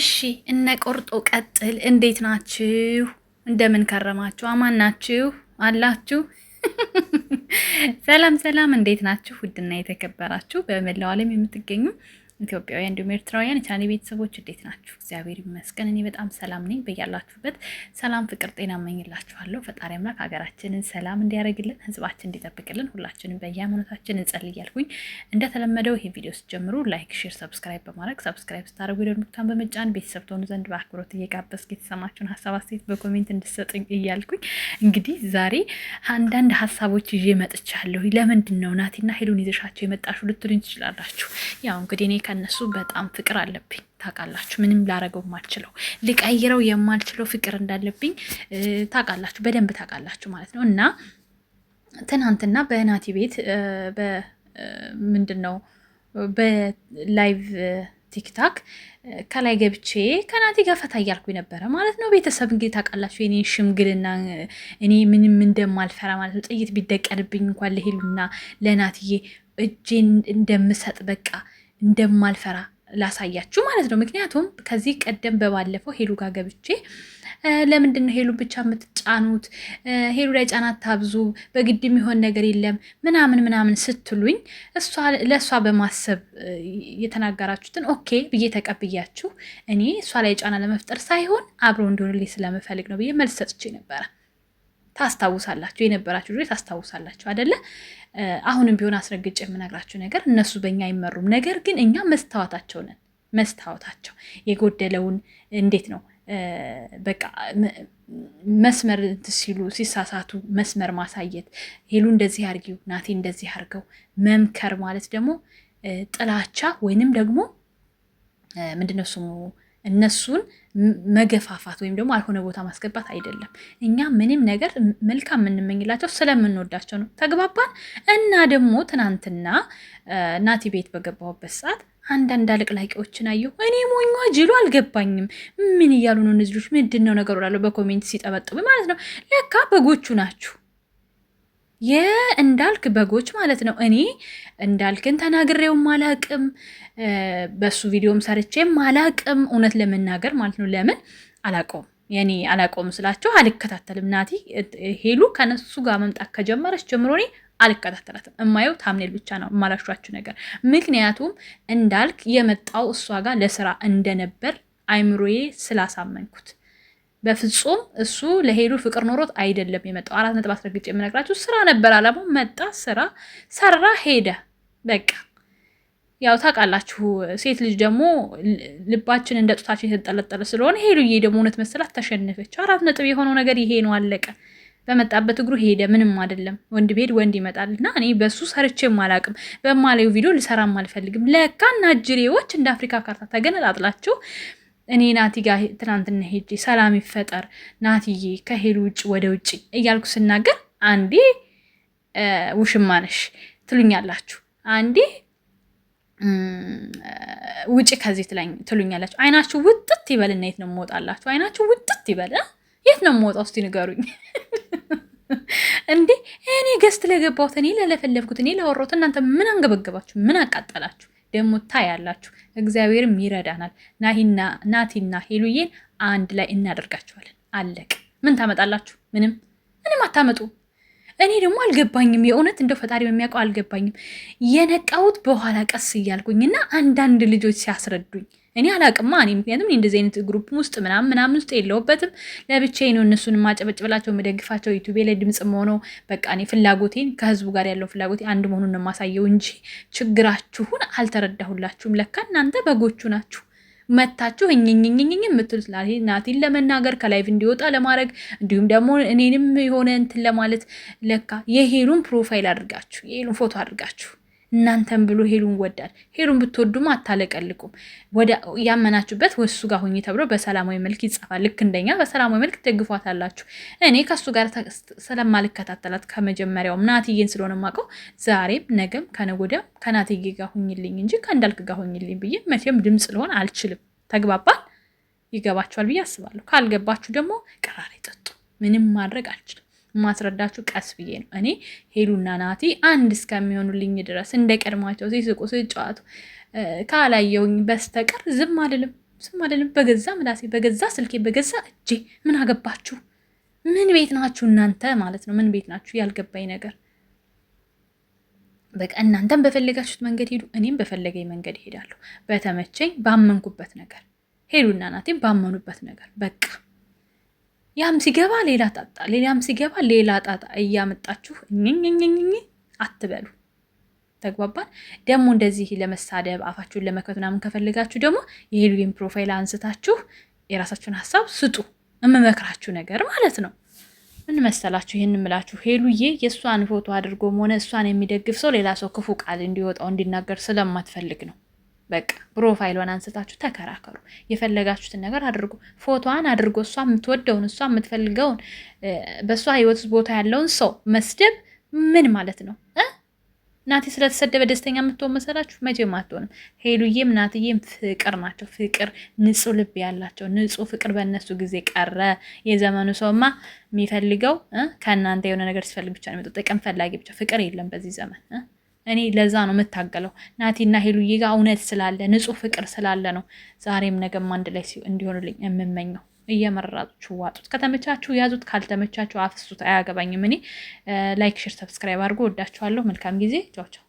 እሺ እነ ቆርጦ ቀጥል፣ እንዴት ናችሁ? እንደምን ከረማችሁ? አማን ናችሁ አላችሁ? ሰላም ሰላም፣ እንዴት ናችሁ? ውድና የተከበራችሁ በመላው ዓለም የምትገኙ ኢትዮጵያውያን እንዲሁም ኤርትራውያን የቻኔ ቤተሰቦች እንዴት ናችሁ? እግዚአብሔር ይመስገን እኔ በጣም ሰላም ነኝ። በያላችሁበት ሰላም፣ ፍቅር፣ ጤና እመኝላችኋለሁ። ፈጣሪ አምላክ ሀገራችንን ሰላም እንዲያደርግልን፣ ህዝባችን እንዲጠብቅልን ሁላችንም በየሃይማኖታችን እንጸል እያልኩኝ እንደተለመደው ይህን ቪዲዮ ስትጀምሩ ላይክ፣ ሼር፣ ሰብስክራይብ በማድረግ ሰብስክራይብ ስታደርጉ ደድሙክታን በመጫን ቤተሰብ ትሆኑ ዘንድ በአክብሮት እየጋበዝኩ የተሰማችሁን ሀሳብ አስተያየት በኮሜንት እንድትሰጡኝ እያልኩኝ እንግዲህ ዛሬ አንዳንድ ሀሳቦች ይዤ መጥቻለሁ። ለምንድን ነው ናቲና ሄሉን ይዘሻቸው የመጣሹ ልትሉኝ ትችላላችሁ። ያው እንግዲህ እኔ ከነሱ በጣም ፍቅር አለብኝ። ታውቃላችሁ፣ ምንም ላረገው የማልችለው ልቀይረው የማልችለው ፍቅር እንዳለብኝ ታውቃላችሁ፣ በደንብ ታውቃላችሁ ማለት ነው። እና ትናንትና በእናቲ ቤት በምንድን ነው በላይቭ ቲክታክ ከላይ ገብቼ ከናቲ ጋር ፈታ እያልኩ ነበረ ማለት ነው። ቤተሰብ እንግዲህ ታውቃላችሁ የኔ ሽምግልና እኔ ምንም እንደማልፈራ ማለት ነው። ጥይት ቢደቀንብኝ እንኳን ለሄሉና ለናትዬ እጄን እንደምሰጥ በቃ እንደማልፈራ ላሳያችሁ ማለት ነው። ምክንያቱም ከዚህ ቀደም በባለፈው ሄሉ ጋር ገብቼ ለምንድን ነው ሄሉ ብቻ የምትጫኑት? ሄሉ ላይ ጫና ታብዙ በግድ የሚሆን ነገር የለም ምናምን ምናምን ስትሉኝ ለእሷ በማሰብ የተናገራችሁትን ኦኬ ብዬ ተቀብያችሁ እኔ እሷ ላይ ጫና ለመፍጠር ሳይሆን አብሮ እንዲሆንልኝ ስለምፈልግ ነው ብዬ መልስ ሰጥቼ ነበረ። ታስታውሳላችሁ የነበራችሁ ልጆች ታስታውሳላችሁ አደለ? አሁንም ቢሆን አስረግጬ የምነግራችሁ ነገር እነሱ በእኛ አይመሩም። ነገር ግን እኛ መስታወታቸው ነን። መስታወታቸው የጎደለውን እንዴት ነው በቃ መስመር ሲሉ ሲሳሳቱ መስመር ማሳየት፣ ሄሉ እንደዚህ አርጊው፣ ናቴ እንደዚህ አርገው መምከር ማለት ደግሞ ጥላቻ ወይንም ደግሞ ምንድነው ስሙ እነሱን መገፋፋት ወይም ደግሞ አልሆነ ቦታ ማስገባት አይደለም። እኛ ምንም ነገር መልካም የምንመኝላቸው ስለምንወዳቸው ነው። ተግባባን። እና ደግሞ ትናንትና ናቲ ቤት በገባሁበት ሰዓት አንዳንድ አለቅላቂዎችን አየሁ። እኔ ሞኟ ጅሉ አልገባኝም። ምን እያሉ ነው እነዚህ ልጆች? ምንድን ነው ነገሩ? ላለሁ በኮሜንት ሲጠበጥብ ማለት ነው። ለካ በጎቹ ናችሁ። የእንዳልክ በጎች ማለት ነው። እኔ እንዳልክን ተናግሬውም አላቅም፣ በሱ ቪዲዮም ሰርቼም አላቅም፣ እውነት ለመናገር ማለት ነው። ለምን አላቀውም የኔ አላቀውም ስላቸው አልከታተልም። ናቲ ሄሉ ከነሱ ጋር መምጣት ከጀመረች ጀምሮ እኔ አልከታተላትም። እማየው ታምኔል ብቻ ነው የማላሿችሁ ነገር። ምክንያቱም እንዳልክ የመጣው እሷ ጋር ለስራ እንደነበር አይምሮዬ ስላሳመንኩት በፍጹም እሱ ለሄሉ ፍቅር ኖሮት አይደለም የመጣው። አራት ነጥብ አስረግጬ የምነግራችሁ ስራ ነበር አላሙ መጣ፣ ስራ ሰራ፣ ሄደ። በቃ ያው ታውቃላችሁ፣ ሴት ልጅ ደግሞ ልባችን እንደ ጡታችን የተንጠለጠለ ስለሆነ ሄሉዬ ደግሞ እውነት መሰላት ተሸነፈች። አራት ነጥብ የሆነው ነገር ይሄ ነው፣ አለቀ። በመጣበት እግሩ ሄደ። ምንም አይደለም። ወንድ ቤድ ወንድ ይመጣል እና እኔ በሱ ሰርቼም አላቅም። በማላዩ ቪዲዮ ልሰራም አልፈልግም። ለካ ናጅሬዎች እንደ አፍሪካ ካርታ ተገነጣጥላችሁ እኔ ናቲ ጋ ትናንትና ሄጄ ሰላም ይፈጠር ናትዬ ከሄሉ ውጭ ወደ ውጭ እያልኩ ስናገር አንዴ ውሽማ ነሽ ትሉኛላችሁ፣ አንዴ ውጭ ከዚህ ትሉኛላችሁ። አይናችሁ ውጥት ይበልና የት ነው የምወጣላችሁ? አይናችሁ ውጥት ይበል የት ነው የምወጣው? እስቲ ንገሩኝ። እንዴ እኔ ገስት ለገባሁት እኔ ለለፈለፍኩት እኔ ላወራሁት እናንተ ምን አንገበገባችሁ? ምን አቃጠላችሁ? ደግሞ ታያላችሁ። እግዚአብሔርም ይረዳናል። ናቲና ሄሉዬን አንድ ላይ እናደርጋቸዋለን። አለቅ ምን ታመጣላችሁ? ምንም ምንም አታመጡ። እኔ ደግሞ አልገባኝም። የእውነት እንደው ፈጣሪ በሚያውቀው አልገባኝም። የነቃሁት በኋላ ቀስ እያልኩኝ እና አንዳንድ ልጆች ሲያስረዱኝ እኔ አላቅማ እኔ ምክንያቱም እንደዚህ አይነት ግሩፕ ውስጥ ምናምን ምናምን ውስጥ የለውበትም። ለብቻዬ ነው እነሱን ማጨበጭብላቸው የምደግፋቸው። ዩቱቤ ላይ ድምፅ መሆነው በቃ እኔ ፍላጎቴን ከህዝቡ ጋር ያለው ፍላጎቴ አንድ መሆኑን የማሳየው እንጂ ችግራችሁን አልተረዳሁላችሁም። ለካ እናንተ በጎቹ ናችሁ። መታችሁ እኝኝኝኝኝ ስላ ናቲን ለመናገር ከላይቭ እንዲወጣ ለማድረግ እንዲሁም ደግሞ እኔንም የሆነ እንትን ለማለት ለካ የሄሉን ፕሮፋይል አድርጋችሁ የሄሉን ፎቶ አድርጋችሁ እናንተን ብሎ ሄሉን ወዳል ሄሉን ብትወዱም አታለቀልቁም። ወደ ያመናችሁበት ወሱ ጋር ሁኝ ተብሎ በሰላማዊ መልክ ይጻፋል። ልክ እንደኛ በሰላማዊ መልክ ደግፏታላችሁ። እኔ ከሱ ጋር ስለማልከታተላት ከመጀመሪያውም ናትዬን ስለሆነ ማውቀው ዛሬም ነገም ከነጎዳም ከናትዬ ጋር ሁኝልኝ እንጂ ከእንዳልክ ጋር ሁኝልኝ ብዬ መቼም ድምፅ ልሆን አልችልም። ተግባባት ይገባችኋል ብዬ አስባለሁ። ካልገባችሁ ደግሞ ቀራሪ ጠጡ። ምንም ማድረግ አልችልም። ማስረዳችሁ ቀስ ብዬ ነው። እኔ ሄሉና ናቲ አንድ እስከሚሆኑልኝ ድረስ እንደ ቀድማቸው ሲስቁ ሲጫወቱ ካላየውኝ በስተቀር ዝም አልልም። ዝም አልልም። በገዛ ምላሴ፣ በገዛ ስልኬ፣ በገዛ እጄ ምን አገባችሁ? ምን ቤት ናችሁ እናንተ ማለት ነው። ምን ቤት ናችሁ? ያልገባኝ ነገር በቃ እናንተም በፈለጋችሁት መንገድ ሄዱ፣ እኔም በፈለገኝ መንገድ ሄዳለሁ። በተመቸኝ ባመንኩበት ነገር ሄዱና ናቴም ባመኑበት ነገር በቃ ያም ሲገባ ሌላ ጣጣ፣ ሌላም ሲገባ ሌላ ጣጣ እያመጣችሁ እኝኝኝኝኝ አትበሉ። ተግባባን። ደግሞ እንደዚህ ለመሳደብ አፋችሁን ለመክፈት ምናምን ከፈልጋችሁ ደግሞ የሄሉዬን ፕሮፋይል አንስታችሁ የራሳችሁን ሀሳብ ስጡ። የምመክራችሁ ነገር ማለት ነው። ምን መሰላችሁ ይህን ምላችሁ ሄሉዬ የእሷን ፎቶ አድርጎም ሆነ እሷን የሚደግፍ ሰው ሌላ ሰው ክፉ ቃል እንዲወጣው እንዲናገር ስለማትፈልግ ነው። በቃ ፕሮፋይሏን አንስታችሁ ተከራከሩ፣ የፈለጋችሁትን ነገር አድርጎ ፎቶዋን አድርጎ እሷ የምትወደውን እሷ የምትፈልገውን በእሷ ህይወት ቦታ ያለውን ሰው መስደብ ምን ማለት ነው? ናቲ ስለተሰደበ ደስተኛ የምትሆን መሰላችሁ? መቼም አትሆንም። ሄሉዬም ናትዬም ፍቅር ናቸው። ፍቅር ንጹህ ልብ ያላቸው ንጹህ ፍቅር በእነሱ ጊዜ ቀረ። የዘመኑ ሰውማ የሚፈልገው ከእናንተ የሆነ ነገር ሲፈልግ ብቻ ነው የሚመጣው። ጥቅም ፈላጊ ብቻ። ፍቅር የለም በዚህ ዘመን። እኔ ለዛ ነው የምታገለው ናቲና ሄሉዬ ጋር እውነት ስላለ ንጹህ ፍቅር ስላለ ነው ዛሬም ነገም አንድ ላይ እንዲሆኑልኝ የምመኘው። እየመረጣችሁ ዋጡት። ከተመቻችሁ ያዙት፣ ካልተመቻችሁ አፍሱት። አያገባኝም። እኔ ላይክ፣ ሽር፣ ሰብስክራይብ አድርጎ ወዳችኋለሁ። መልካም ጊዜ። ቻው ቻው።